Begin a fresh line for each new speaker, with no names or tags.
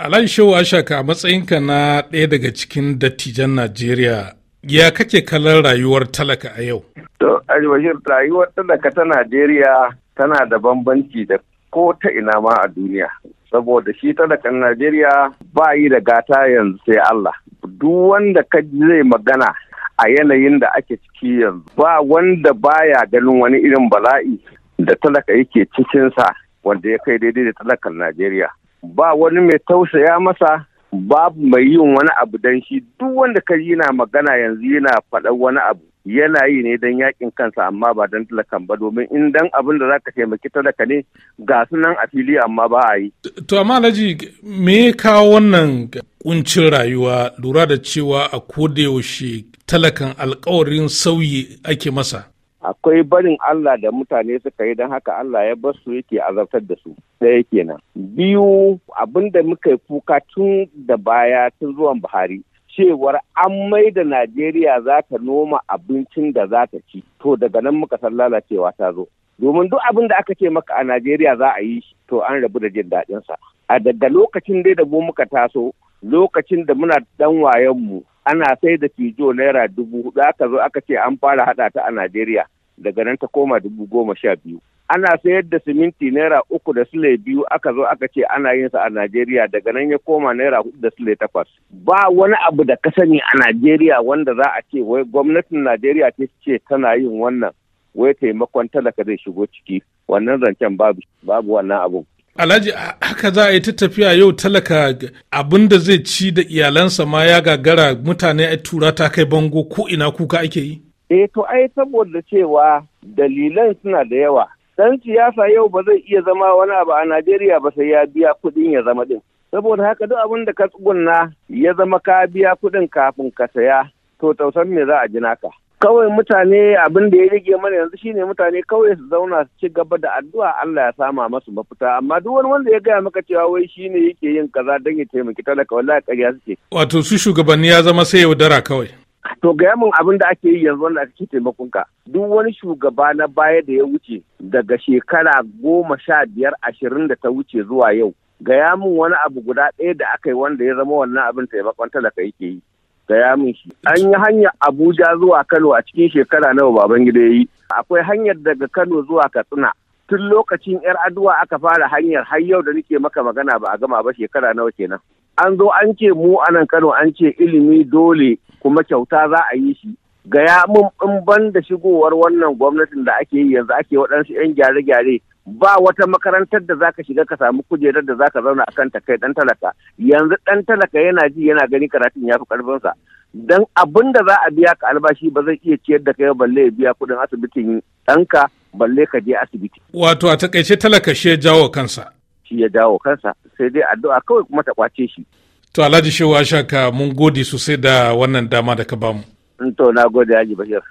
Alan Shehu shaka a matsayinka na ɗaya daga cikin dattijan Najeriya ya kake kalan rayuwar talaka a yau?
To, Alwashir, rayuwar talaka ta Najeriya tana da bambanci da ko ta ina ma a duniya. Saboda shi talakan Najeriya ba yi da gata yanzu sai Allah. Duk wanda ka zai magana a yanayin da ake ciki yanzu ba wanda baya ganin wani irin bala'i da talaka yake cikinsa wanda ya kai daidai da talakan Najeriya. ba wani mai tausaya masa babu mai yin wani abu don shi duk wanda ka yi na magana yanzu yana faɗan wani abu yana yi ne don yakin kansa amma ba don talakan ba domin in dan abin da zaka taimaki talaka ne ga su nan a fili amma ba a yi.
To amma Alhaji me ya kawo wannan kuncin rayuwa lura da cewa a kodayaushe talakan alkawarin sauyi ake masa.
akwai barin Allah da mutane suka yi don haka Allah ya bar su yake azabtar da su ɗaya kenan biyu abin da muka yi kuka tun da baya tun zuwan Buhari cewar an mai da Najeriya za ta noma abincin da za ta ci to daga nan muka san lalacewa ta zo domin duk abin da aka ce maka a Najeriya za a yi shi. to an rabu da jin daɗinsa a daga lokacin dai da mu muka taso lokacin da muna dan wayanmu ana sai da tijo naira dubu hudu aka zo aka ce an fara hada ta a Najeriya daga nan ta koma dubu goma sha biyu. Ana sayar da siminti naira uku da sule biyu aka zo aka ce ana yin sa a Najeriya daga nan ya koma naira hudu da sule takwas. Ba wani abu da ka sani a Najeriya wanda za a ce wai gwamnatin Najeriya ta ce tana yin wannan wai taimakon talaka zai shigo ciki wannan zancen babu babu wannan abun.
alhaji haka za a yi ta tafiya yau talaka abin da zai ci da iyalansa ma ya gagara mutane a tura ta kai bango ko ina kuka ake yi
eh to ai saboda cewa dalilan suna da yawa dan siyasa yau ba zai iya zama wani abu a najeriya ba sai ya biya kuɗin ya zama din saboda haka duk abin da ka tsugunna ya zama ka biya kuɗin kafin ka saya to tausan me za a ji naka kawai mutane abin da ya rage mana yanzu shine mutane kawai su zauna su ci gaba da addu'a Allah ya sama masu mafita amma duk wani wanda ya gaya maka cewa wai shine yake yin kaza don ya taimaki talaka wallahi ƙarya suke
wato su shugabanni ya zama sai yaudara kawai
to gaya min abin da ake yi yanzu wanda ake taimakon ka duk wani shugaba na baya da ya wuce daga shekara goma sha biyar ashirin da ta wuce zuwa yau gaya min wani abu guda ɗaya da aka yi wanda ya zama wannan abin taimakon talaka yake yi gaya min shi an yi hanyar abuja zuwa kano a cikin shekara nawa baban gida yi akwai hanyar daga kano zuwa katsina tun lokacin yar aduwa aka fara hanyar har yau da nake maka magana ba a gama ba shekara nawa kenan an zo an ce mu anan kano an ce ilimi dole kuma kyauta za a yi shi gaya mun in ban da shigowar wannan gwamnatin da ake yi yanzu ake waɗansu 'yan gyare-gyare ba wata makarantar da zaka shiga ka samu kujerar da zaka zauna a kanta kai dan talaka yanzu dan talaka yana ji yana gani karatun ya fi karfin sa dan abin da za a biya ka albashi ba zai iya ciyar da kai balle ya biya kudin asibitin ɗanka balle ka je asibiti.
Wato a takaice talaka shi ya jawo kansa.
Shi ya jawo kansa sai dai addu'a kawai kuma ta kwace shi.
To Alhaji Shehu Ashaka mun gode sosai da wannan dama da ka bamu.
To na gode Haji Bashir.